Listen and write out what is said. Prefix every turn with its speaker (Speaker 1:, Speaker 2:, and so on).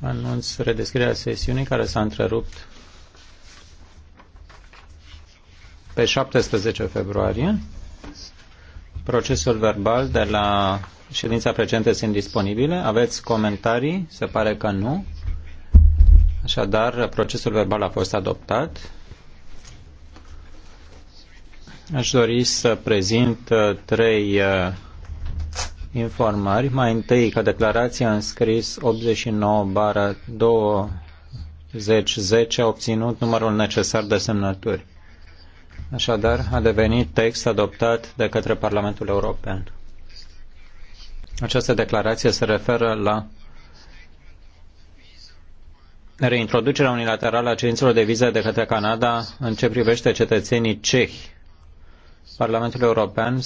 Speaker 1: Anunț redescrierea sesiunii care s-a întrerupt pe 17 februarie. Procesul verbal de la ședința precedentă sunt disponibile. Aveți comentarii? Se pare că nu. Așadar, procesul verbal a fost adoptat. Aș dori să prezint uh, trei uh, informări. Mai întâi, ca declarație, în scris 89 bară 2010 a obținut numărul necesar de semnături. Așadar, a devenit text adoptat de către Parlamentul European. Această declarație se referă la reintroducerea unilaterală a cerințelor de viză de către Canada în ce privește cetățenii cehi Parlamentul European